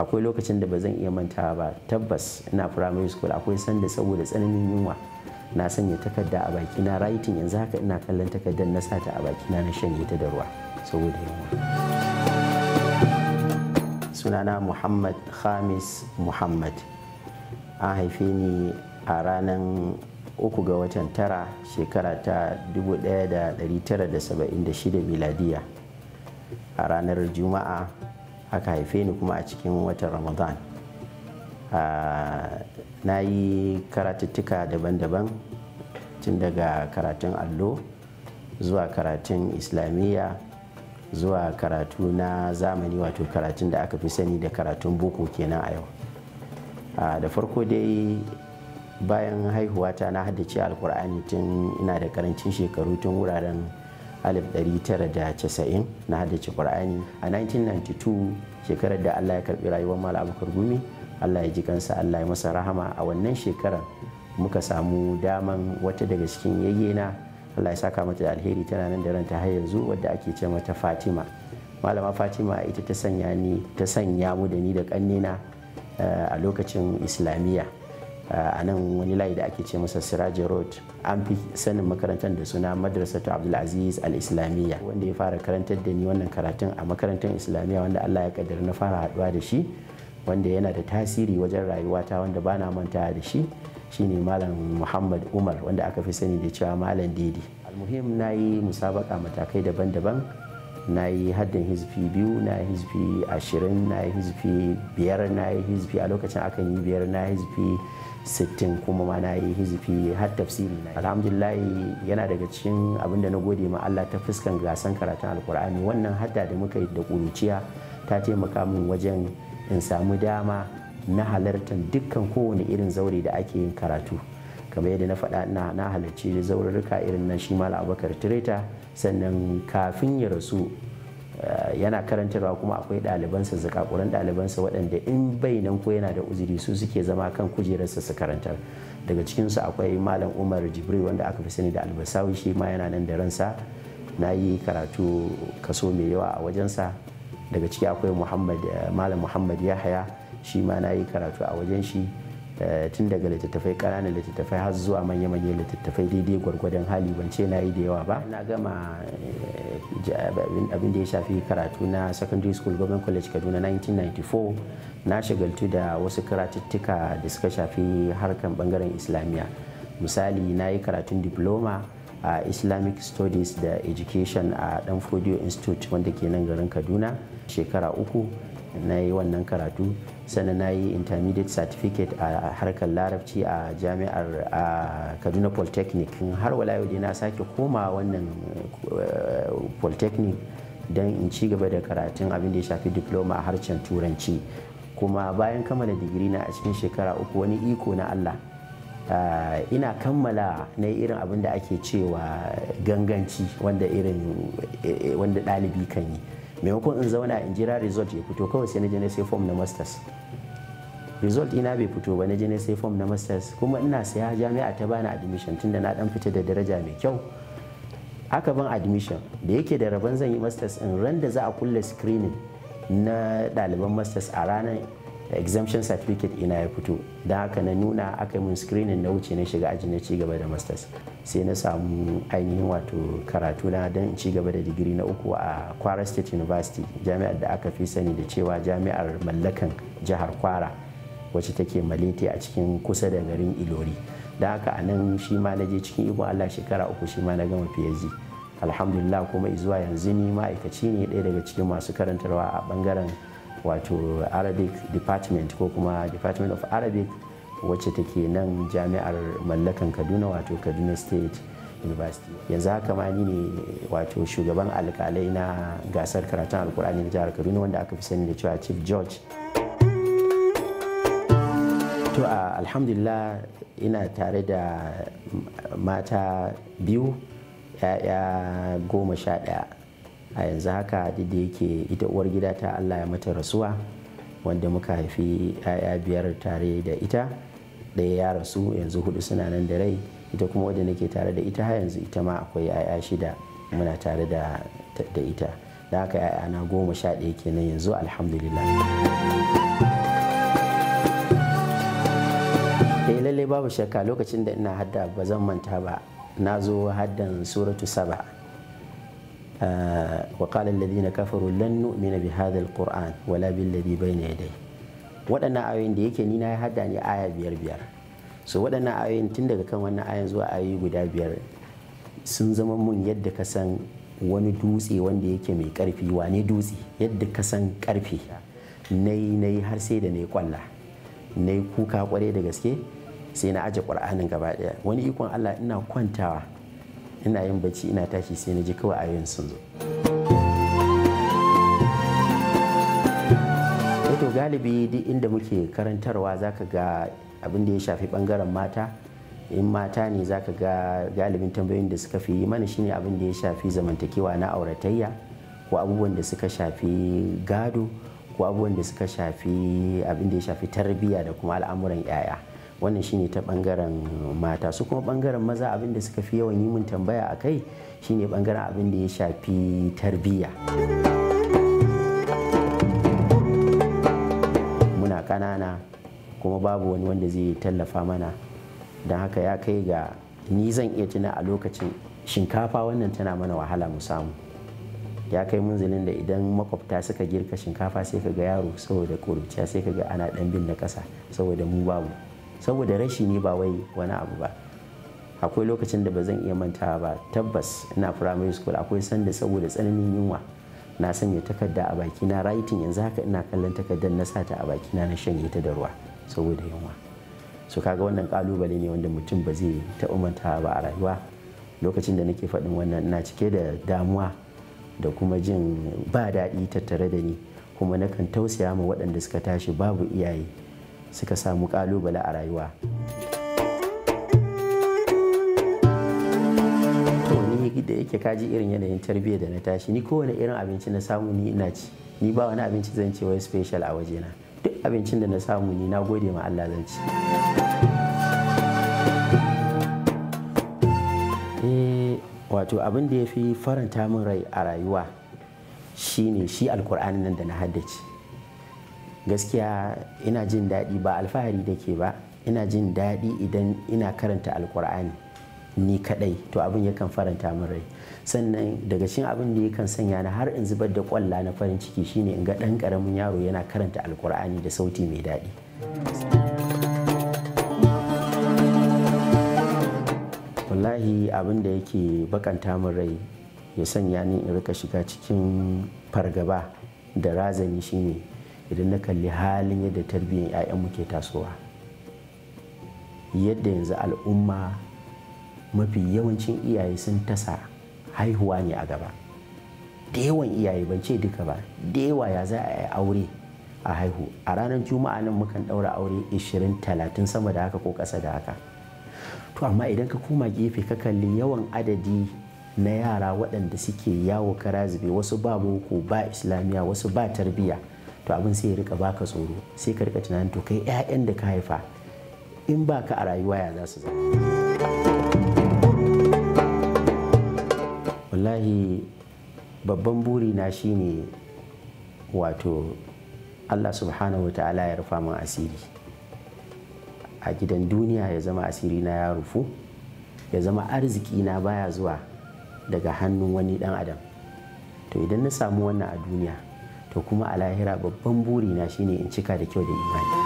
akwai lokacin da ba zan iya manta ba tabbas ina primary school akwai sanda saboda tsananin yunwa na sanya takarda a baki na writing yanzu haka ina kallon takardar na sata a baki na na shanye ta da ruwa saboda yunwa sunana muhammad khamis muhammad an haife ni a ranar uku ga watan tara shekara ta 1976 miladiya a ranar juma'a aka haife ni kuma a cikin watan ramadan ah, na yi karatuttuka daban-daban tun daga karatun allo zuwa karatun islamiyya zuwa karatu na zamani wato karatun da aka fi sani da karatun boko kenan a yau ah, da farko dai bayan haihuwata na haddace alkur'ani tun ina da karancin shekaru tun wuraren 1990 na haddace Qur'ani a 1992 shekarar da Allah ya karbi rayuwar Malam Abubakar Gumi Allah ya ji kansa Allah ya masa rahama a wannan shekarar muka samu daman wata daga cikin yayyena Allah ya saka mata da alheri tana nan da ranta har yanzu wadda ake ce mata Fatima malama Fatima ita ta sanya mu da ni da ƙannena eh, a lokacin Islamiyya Eh, a nan wani layi da ake ce masa siraji road an fi sanin makarantar da suna madrasatu abdulaziz al-islamiyya wanda ya fara karantar da ni wannan karatun a makarantar islamiyya wanda allah ya kaddara na fara haduwa da shi wanda yana da tasiri wajen rayuwata wanda bana manta da shi shine malam muhammad umar wanda aka fi sani da cewa malam didi almuhim na yi musabaka matakai daban-daban na yi haddin hizfi biyu na yi hizfi ashirin na yi hizfi biyar na yi hizfi a lokacin akan yi biyar na hizfi sittin kuma ma na yi hizifi har tafsiri na alhamdulillahi yana daga cikin abinda na gode ma Allah ta fuskan gasan karatun alkur'ani wannan hadda da muka yi da ƙuruciya ta taimaka min wajen in samu dama na halartar dukkan kowane irin zaure da ake yin karatu kamar yadda na faɗa na na halarci zaurarruka irin na shi mala abakar tireta sannan kafin ya rasu Eh, yana karantarwa kuma akwai ɗalibansa zakakuran ɗalibansa waɗanda in bai nan ko yana da uzuri su suke zama kan kujerarsa su karantar daga cikinsu akwai malam umar jibril wanda aka fi sani da albasawi shi ma yana nan da ransa na yi karatu kaso mai yawa a wajensa daga ciki akwai eh, malam muhammad yahaya shi ma na yi karatu a wajen shi Eh, tun daga littattafai ƙananan littattafai har zuwa manya-manyan littattafai daidai gwargwadon hali ban ce na yi da yawa ba na gama eh, abin da ya shafi karatu na secondary school government college kaduna 1994 na shagaltu da wasu karatuttuka da suka shafi harkan bangaren islamiyya misali na yi karatun diploma a islamic studies da education a danfodio institute wanda ke nan garin kaduna shekara uku na yi wannan karatu sannan na yi intermediate certificate a harkar larabci a jami'ar kaduna polytechnic har wala yau na sake koma wannan eh, polytechnic don in ci gaba da karatun abin da ya shafi diploma a harshen turanci kuma bayan kammala digiri na a cikin shekara uku wani iko na allah eh, ina kammala na irin abin da ake cewa ganganci wanda irin eh, wanda ɗalibi kan yi maimakon in zauna in jira result ya fito kawai sai na je na sai form na masters result ina bai fito ba na je na sai form na masters kuma ina saya jami'a ta bani admission tunda na dan fita da daraja mai kyau haka ban admission da yake da rabon zan yi masters in ran da za a kulle screening na ɗaliban masters a ranar da exemption certificate ina ya fito da haka na nuna aka yi mun screening na wuce na shiga aji na ci gaba da masters sai na samu ainihin wato karatu na don ci gaba da digiri na uku a kwara state university jami'ar da aka fi sani da cewa jami'ar mallakan jihar kwara wacce take malete a cikin kusa da garin ilori da haka a nan shi ma na je cikin ibo allah shekara uku shi ma na gama phd alhamdulillah kuma zuwa yanzu ni ma'aikaci ne ɗaya daga cikin masu karantarwa a bangaren wato arabic department ko kuma department of arabic wacce take nan jami'ar mallakan kaduna wato kaduna state university yanzu haka ma ni ne wato shugaban alkalai na gasar karatun alkur'ani na jihar kaduna wanda aka fi sani da cewa chief george to a alhamdulillah ina tare da mata biyu 'ya'ya goma sha ɗaya a yanzu haka da yake ita uwar gida ta allah ya mata rasuwa wanda muka haifi 'ya'ya biyar tare da ita ɗaya ya rasu yanzu hudu suna nan da rai ita kuma wadda nake tare da ita yanzu ita ma akwai 'ya'ya shida muna tare da ita da haka 'ya'ya na goma sha ɗaya kenan yanzu alhamdulillah eh lallai babu shakka lokacin da ina hadda ba zan manta ba na zo haddan suratu saba وقال الذين كفروا لن نؤمن بهذا القرآن ولا بالذي بين يديه waɗannan ayoyin da yake ni na hada ne aya biyar biyar so waɗannan ayoyin tun daga kan wannan ayan zuwa ayoyi guda biyar sun zama mun yadda ka san wani dutse wanda yake mai ƙarfi wane dutse yadda ka san ƙarfi na yi har sai da na yi kwalla na yi kuka kwarai da gaske sai na aje ƙur'anin gaba ɗaya wani ikon allah ina kwantawa ina yin bacci ina tashi sai na ji kawai yin sun zo wato eh galibi duk inda muke karantarwa zaka ga abin da ya shafi bangaren mata in mata ne zaka ga galibin tambayoyin da suka fi mana shine abin da ya shafi zamantakewa na auratayya ko abubuwan da suka shafi gado ko abubuwan da suka shafi abin da ya shafi tarbiyya da kuma al'amuran 'ya'ya wannan shine ta bangaren mata su kuma bangaren maza abin da suka fi yawan yi mun tambaya a kai shine bangaren abin da ya shafi tarbiyya muna kanana kuma babu wani wanda zai tallafa mana don haka ya kai ga ni zan iya tuna a lokacin shinkafa wannan tana mana wahala mu samu ya kai munzalin da idan makwabta suka girka shinkafa sai ka ga yaro saboda ƙuruciya sai ka ga ana ɗan bin na kasa saboda mu babu saboda rashi ne ba wai wani abu ba akwai lokacin da ba zan iya mantawa ba tabbas ina primary school akwai sanda saboda tsananin yunwa na sanya takarda a baki na writing yanzu haka ina kallon takardar na sata a baki na na shanye ta da ruwa saboda yunwa so kaga wannan kalubale ne wanda mutum ba zai taɓa mantawa ba a rayuwa lokacin da nake faɗin wannan ina cike da damuwa da kuma jin ba daɗi tattare da ni kuma nakan tausaya ma waɗanda suka tashi babu iyaye suka samu kalubale a rayuwa da yake kaji irin yanayin tarbiyya da na tashi ni kowane irin abinci na samu ni ina ci ni ba wani abinci zan ce wai special a na. duk abincin da na samu ni na gode ma Allah zan ci eh, wato abin da ya fi faranta min rai a rayuwa shine shi alkur'ani nan da na haddace gaskiya ina jin daɗi ba alfahari da ke ba ina jin daɗi idan ina karanta alkur'ani ni kaɗai to abin yakan faranta min rai sannan daga cikin abin da yakan sanya na har in zubar da kwalla na farin ciki shine in ga ɗan ƙaramin yaro yana karanta alkur'ani da sauti mai daɗi wallahi abin da yake bakanta min rai ya sanya ni in rika shiga cikin fargaba da razani shine idan na kalli halin yadda tarbiyyar 'ya'yanmu ke tasowa yadda yanzu al'umma mafi yawancin iyaye sun tasa haihuwa ne a gaba da yawan iyaye ban ce duka ba da yawa ya za a yi aure a haihu a ranar juma'a nan mukan ɗaura aure 20 30 sama da haka ko ƙasa da haka to amma idan ka koma gefe ka kalli yawan adadi na yara waɗanda suke yawo kara zube wasu ba boko ba islamiyya wasu ba tarbiyya to abin sai ya rika baka tsoro sai ka rika tunanin to kai 'ya'yan da ka haifa in ba ka a rayuwa ya za su zama wallahi babban buri na shine wato allah subhanahu wa ta'ala ya rufa min asiri a gidan duniya ya zama asiri na ya rufu ya zama arziki na baya zuwa daga hannun wani dan adam to idan na samu wannan a duniya to kuma a lahira babban burina shine in cika da kyau da imani